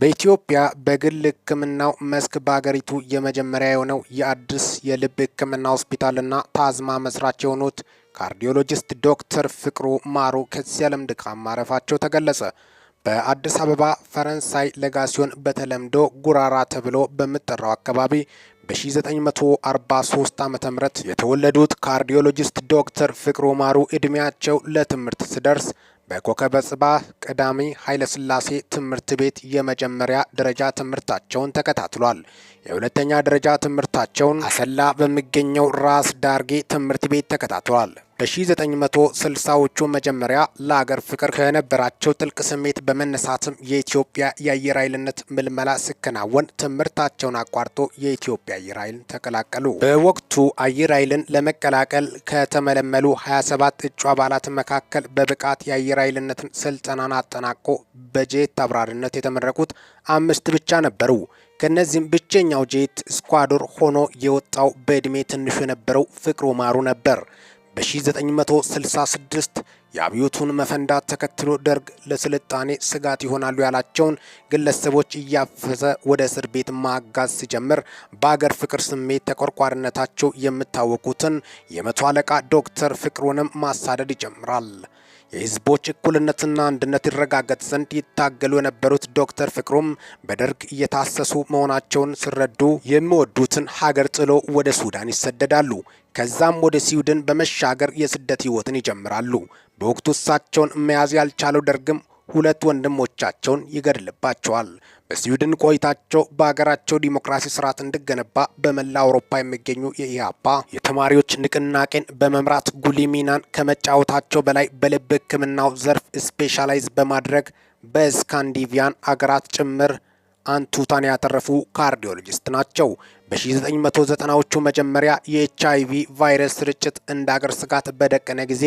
በኢትዮጵያ በግል ሕክምናው መስክ በሀገሪቱ የመጀመሪያ የሆነው የአዲስ የልብ ሕክምና ሆስፒታልና ታዝማ መስራች የሆኑት ካርዲዮሎጂስት ዶክተር ፍቅሩ ማሩ ከዚህ ዓለም ድካም ማረፋቸው ተገለጸ። በአዲስ አበባ ፈረንሳይ ለጋሲዮን በተለምዶ ጉራራ ተብሎ በሚጠራው አካባቢ በ1943 ዓ ም የተወለዱት ካርዲዮሎጂስት ዶክተር ፍቅሩ ማሩ ዕድሜያቸው ለትምህርት ሲደርስ በኮከበ ጽባ ቀዳሚ ኃይለስላሴ ትምህርት ቤት የመጀመሪያ ደረጃ ትምህርታቸውን ተከታትሏል። የሁለተኛ ደረጃ ትምህርታቸውን አሰላ በሚገኘው ራስ ዳርጌ ትምህርት ቤት ተከታትሏል። በ1960ዎቹ መጀመሪያ ለአገር ፍቅር ከነበራቸው ጥልቅ ስሜት በመነሳትም የኢትዮጵያ የአየር ኃይልነት ምልመላ ሲከናወን ትምህርታቸውን አቋርጦ የኢትዮጵያ አየር ኃይልን ተቀላቀሉ። በወቅቱ አየር ኃይልን ለመቀላቀል ከተመለመሉ 27 እጩ አባላት መካከል በብቃት የአየር ኃይልነትን ስልጠናን አጠናቆ በጄት አብራሪነት የተመረቁት አምስት ብቻ ነበሩ። ከነዚህም ብቸኛው ጄት ስኳዶር ሆኖ የወጣው በእድሜ ትንሹ የነበረው ፍቅሩ ማሩ ነበር። በ1966 የአብዮቱን መፈንዳት ተከትሎ ደርግ ለስልጣኔ ስጋት ይሆናሉ ያላቸውን ግለሰቦች እያፈሰ ወደ እስር ቤት ማጋዝ ሲጀምር በአገር ፍቅር ስሜት ተቆርቋሪነታቸው የምታወቁትን የመቶ አለቃ ዶክተር ፍቅሩንም ማሳደድ ይጀምራል። የህዝቦች እኩልነትና አንድነት ይረጋገጥ ዘንድ ይታገሉ የነበሩት ዶክተር ፍቅሩም በደርግ እየታሰሱ መሆናቸውን ሲረዱ የሚወዱትን ሀገር ጥሎ ወደ ሱዳን ይሰደዳሉ። ከዛም ወደ ስዊድን በመሻገር የስደት ህይወትን ይጀምራሉ። በወቅቱ እሳቸውን መያዝ ያልቻለው ደርግም ሁለት ወንድሞቻቸውን ይገድልባቸዋል። በስዊድን ቆይታቸው በሀገራቸው ዲሞክራሲ ስርዓት እንዲገነባ በመላ አውሮፓ የሚገኙ የኢህአፓ የተማሪዎች ንቅናቄን በመምራት ጉልህ ሚናን ከመጫወታቸው በላይ በልብ ሕክምናው ዘርፍ ስፔሻላይዝ በማድረግ በስካንዲቪያን አገራት ጭምር አንቱታን ያተረፉ ካርዲዮሎጂስት ናቸው። በ1990ዎቹ መጀመሪያ የኤች አይቪ ቫይረስ ስርጭት እንደ አገር ስጋት በደቀነ ጊዜ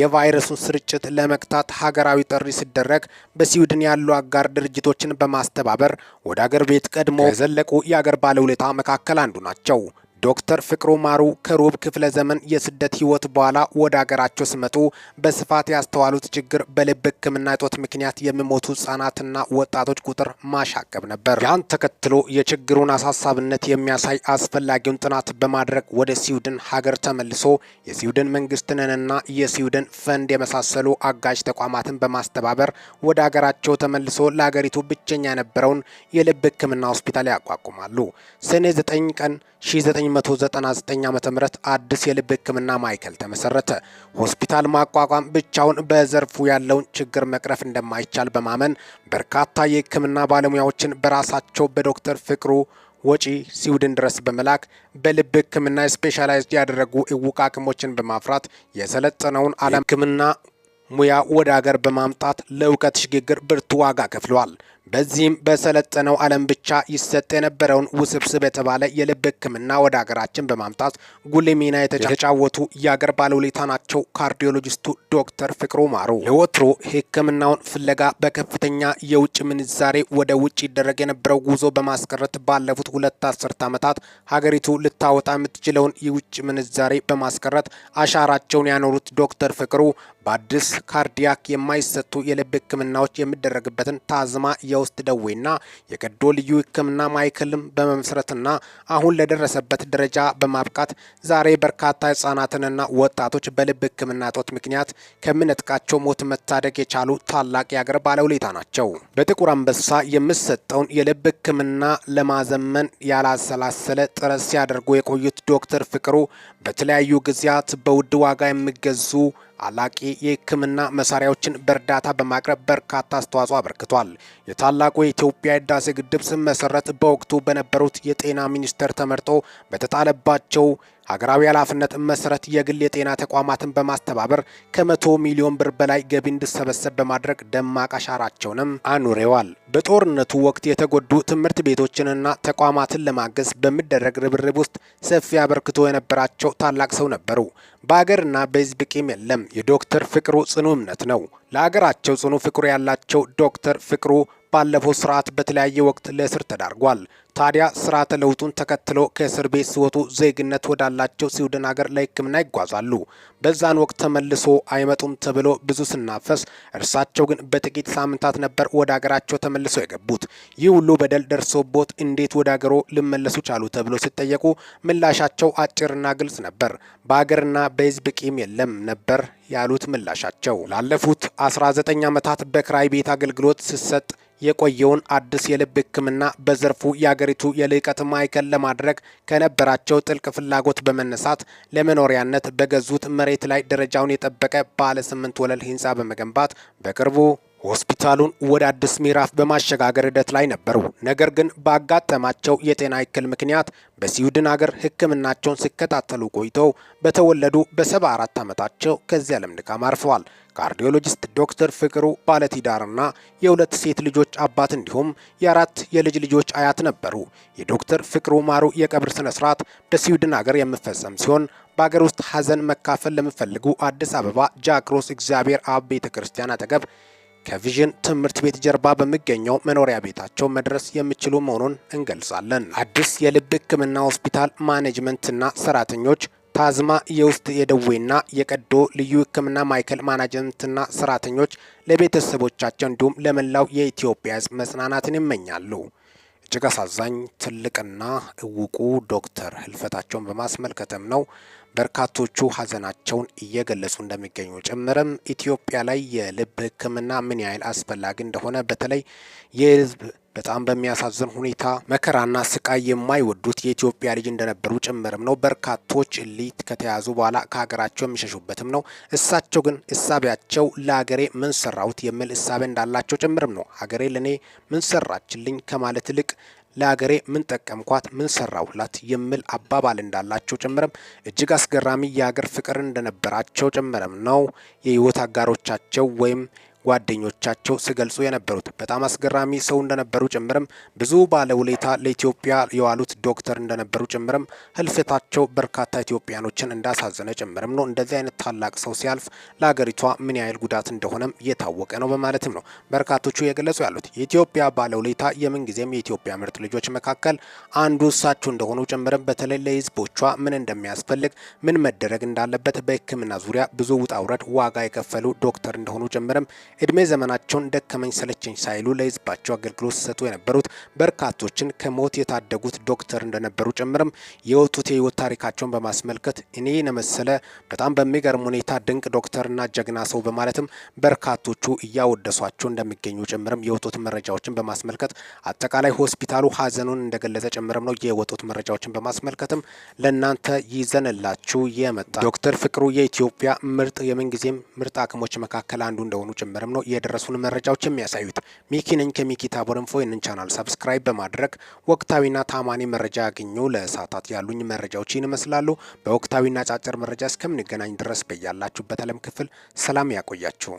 የቫይረሱን ስርጭት ለመግታት ሀገራዊ ጥሪ ሲደረግ በስዊድን ያሉ አጋር ድርጅቶችን በማስተባበር ወደ አገር ቤት ቀድሞ የዘለቁ የአገር ባለውለታ መካከል አንዱ ናቸው። ዶክተር ፍቅሩ ማሩ ከሩብ ክፍለ ዘመን የስደት ህይወት በኋላ ወደ አገራቸው ሲመጡ በስፋት ያስተዋሉት ችግር በልብ ህክምና እጦት ምክንያት የሚሞቱ ህጻናትና ወጣቶች ቁጥር ማሻቀብ ነበር። ያን ተከትሎ የችግሩን አሳሳብነት የሚያሳይ አስፈላጊውን ጥናት በማድረግ ወደ ስዊድን ሀገር ተመልሶ የስዊድን መንግስትንና የስዊድን ፈንድ የመሳሰሉ አጋዥ ተቋማትን በማስተባበር ወደ አገራቸው ተመልሶ ለሀገሪቱ ብቸኛ የነበረውን የልብ ሕክምና ሆስፒታል ያቋቁማሉ። ሰኔ 9 ቀን በ1999 ዓ.ም አዲስ የልብ ህክምና ማዕከል ተመሰረተ። ሆስፒታል ማቋቋም ብቻውን በዘርፉ ያለውን ችግር መቅረፍ እንደማይቻል በማመን በርካታ የህክምና ባለሙያዎችን በራሳቸው በዶክተር ፍቅሩ ወጪ ስዊድን ድረስ በመላክ በልብ ህክምና ስፔሻላይዝድ ያደረጉ እውቅ ሐኪሞችን በማፍራት የሰለጠነውን ዓለም ህክምና ሙያ ወደ አገር በማምጣት ለእውቀት ሽግግር ብርቱ ዋጋ ከፍለዋል። በዚህም በሰለጠነው ዓለም ብቻ ይሰጥ የነበረውን ውስብስብ የተባለ የልብ ሕክምና ወደ ሀገራችን በማምጣት ጉልህ ሚና የተጫወቱ የአገር ባለውለታ ናቸው ካርዲዮሎጂስቱ ዶክተር ፍቅሩ ማሩ። ለወትሮ ሕክምናውን ፍለጋ በከፍተኛ የውጭ ምንዛሬ ወደ ውጭ ይደረግ የነበረው ጉዞ በማስቀረት ባለፉት ሁለት አስርት ዓመታት ሀገሪቱ ልታወጣ የምትችለውን የውጭ ምንዛሬ በማስቀረት አሻራቸውን ያኖሩት ዶክተር ፍቅሩ በአዲስ ካርዲያክ የማይሰጡ የልብ ሕክምናዎች የሚደረግበትን ታዝማ የውስጥ ደዌና የቀዶ ልዩ ሕክምና ማዕከልም በመመስረትና አሁን ለደረሰበት ደረጃ በማብቃት ዛሬ በርካታ ህጻናትንና ወጣቶች በልብ ሕክምና እጦት ምክንያት ከምነጥቃቸው ሞት መታደግ የቻሉ ታላቅ የአገር ባለውለታ ናቸው። በጥቁር አንበሳ የምሰጠውን የልብ ሕክምና ለማዘመን ያላሰላሰለ ጥረት ሲያደርጉ የቆዩት ዶክተር ፍቅሩ በተለያዩ ጊዜያት በውድ ዋጋ የሚገዙ አላቂ የሕክምና መሳሪያዎችን በእርዳታ በማቅረብ በርካታ አስተዋጽኦ አበርክቷል። የታላቁ የኢትዮጵያ ህዳሴ ግድብ ሲመሰረት በወቅቱ በነበሩት የጤና ሚኒስቴር ተመርጦ በተጣለባቸው ሀገራዊ ኃላፊነት መሰረት የግል የጤና ተቋማትን በማስተባበር ከመቶ ሚሊዮን ብር በላይ ገቢ እንዲሰበሰብ በማድረግ ደማቅ አሻራቸውንም አኑሬዋል። በጦርነቱ ወቅት የተጎዱ ትምህርት ቤቶችንና ተቋማትን ለማገዝ በሚደረግ ርብርብ ውስጥ ሰፊ አበርክቶ የነበራቸው ታላቅ ሰው ነበሩ። በሀገርና በሕዝብ ቂም የለም። የዶክተር ፍቅሩ ጽኑ እምነት ነው። ለሀገራቸው ጽኑ ፍቅሩ ያላቸው ዶክተር ፍቅሩ ባለፈው ስርዓት በተለያየ ወቅት ለእስር ተዳርጓል። ታዲያ ስርዓተ ለውጡን ተከትሎ ከእስር ቤት ሲወጡ ዜግነት ወዳላቸው ስዊድን ሀገር ለሕክምና ይጓዛሉ። በዛን ወቅት ተመልሶ አይመጡም ተብሎ ብዙ ስናፈስ፣ እርሳቸው ግን በጥቂት ሳምንታት ነበር ወደ ሀገራቸው ተመልሰው የገቡት። ይህ ሁሉ በደል ደርሶቦት እንዴት ወደ ሀገሮ ልመለሱ ቻሉ ተብሎ ሲጠየቁ ምላሻቸው አጭርና ግልጽ ነበር። በሀገርና በሕዝብ ቂም የለም ነበር ያሉት ምላሻቸው ላለፉት 19 ዓመታት በክራይ ቤት አገልግሎት ሲሰጥ የቆየውን አዲስ የልብ ሕክምና በዘርፉ ያገ የሀገሪቱ የልዕቀት ማዕከል ለማድረግ ከነበራቸው ጥልቅ ፍላጎት በመነሳት ለመኖሪያነት በገዙት መሬት ላይ ደረጃውን የጠበቀ ባለ ስምንት ወለል ህንፃ በመገንባት በቅርቡ ሆስፒታሉን ወደ አዲስ ምዕራፍ በማሸጋገር ሂደት ላይ ነበሩ። ነገር ግን ባጋጠማቸው የጤና እክል ምክንያት በስዊድን ሀገር ሕክምናቸውን ሲከታተሉ ቆይተው በተወለዱ በሰባ አራት ዓመታቸው ከዚህ ዓለም ድካም አርፈዋል። ካርዲዮሎጂስት ዶክተር ፍቅሩ ባለትዳርና የሁለት ሴት ልጆች አባት እንዲሁም የአራት የልጅ ልጆች አያት ነበሩ። የዶክተር ፍቅሩ ማሩ የቀብር ስነ ስርዓት በስዊድን ሀገር የሚፈጸም ሲሆን በሀገር ውስጥ ሀዘን መካፈል ለሚፈልጉ አዲስ አበባ ጃክሮስ እግዚአብሔር አብ ቤተ ክርስቲያን አጠገብ ከቪዥን ትምህርት ቤት ጀርባ በሚገኘው መኖሪያ ቤታቸው መድረስ የሚችሉ መሆኑን እንገልጻለን። አዲስ የልብ ሕክምና ሆስፒታል ማኔጅመንትና ሰራተኞች ታዝማ የውስጥ የደዌና የቀዶ ልዩ ሕክምና ማዕከል ማናጅመንትና ሰራተኞች ለቤተሰቦቻቸው እንዲሁም ለመላው የኢትዮጵያ ሕዝብ መጽናናትን ይመኛሉ። እጅግ አሳዛኝ ትልቅና እውቁ ዶክተር ህልፈታቸውን በማስመልከተም ነው በርካቶቹ ሀዘናቸውን እየገለጹ እንደሚገኙ ጭምርም ኢትዮጵያ ላይ የልብ ሕክምና ምን ያህል አስፈላጊ እንደሆነ በተለይ የህዝብ በጣም በሚያሳዝን ሁኔታ መከራና ስቃይ የማይወዱት የኢትዮጵያ ልጅ እንደነበሩ ጭምርም ነው። በርካቶች እሊት ከተያዙ በኋላ ከሀገራቸው የሚሸሹበትም ነው። እሳቸው ግን እሳቢያቸው ለሀገሬ ምን ሰራሁት የሚል እሳቤ እንዳላቸው ጭምርም ነው። ሀገሬ ለእኔ ምን ሰራችልኝ ከማለት ይልቅ ለሀገሬ ምን ጠቀምኳት፣ ምን ሰራሁላት የሚል አባባል እንዳላቸው ጭምርም እጅግ አስገራሚ የሀገር ፍቅር እንደነበራቸው ጭምርም ነው የህይወት አጋሮቻቸው ወይም ጓደኞቻቸው ሲገልጹ የነበሩት በጣም አስገራሚ ሰው እንደነበሩ ጭምርም ብዙ ባለውለታ ለኢትዮጵያ የዋሉት ዶክተር እንደነበሩ ጭምርም ህልፈታቸው በርካታ ኢትዮጵያኖችን እንዳሳዘነ ጭምርም ነው። እንደዚህ አይነት ታላቅ ሰው ሲያልፍ ለሀገሪቷ ምን ያህል ጉዳት እንደሆነም የታወቀ ነው በማለትም ነው በርካቶቹ የገለጹ ያሉት። የኢትዮጵያ ባለውለታ የምንጊዜም የኢትዮጵያ ምርጥ ልጆች መካከል አንዱ እሳቸው እንደሆኑ ጭምርም በተለይ ለህዝቦቿ ምን እንደሚያስፈልግ ምን መደረግ እንዳለበት በህክምና ዙሪያ ብዙ ውጣ ውረድ ዋጋ የከፈሉ ዶክተር እንደሆኑ ጭምርም እድሜ ዘመናቸውን ደከመኝ ሰለቸኝ ሳይሉ ለህዝባቸው አገልግሎት ሲሰጡ የነበሩት በርካቶችን ከሞት የታደጉት ዶክተር እንደነበሩ ጭምርም የወጡት የህይወት ታሪካቸውን በማስመልከት እኔ ነመሰለ በጣም በሚገርም ሁኔታ ድንቅ ዶክተርና ጀግና ሰው በማለትም በርካቶቹ እያወደሷቸው እንደሚገኙ ጭምርም የወጡት መረጃዎችን በማስመልከት አጠቃላይ ሆስፒታሉ ሀዘኑን እንደገለጸ ጭምርም ነው የወጡት መረጃዎችን በማስመልከትም ለእናንተ ይዘንላችሁ የመጣ ዶክተር ፍቅሩ የኢትዮጵያ ምርጥ የምንጊዜም ምርጥ ሐኪሞች መካከል አንዱ እንደሆኑ ጭምርም በመገረም ነው የደረሱን መረጃዎች የሚያሳዩት። ሚኪ ነኝ ከሚኪ ታቦር ኢንፎ። ይህንን ቻናል ሰብስክራይብ በማድረግ ወቅታዊና ታማኒ መረጃ ያገኙ። ለሰዓታት ያሉኝ መረጃዎች ይህን ይመስላሉ። በወቅታዊና አጫጭር መረጃ እስከምንገናኝ ድረስ በያላችሁበት ዓለም ክፍል ሰላም ያቆያችሁ።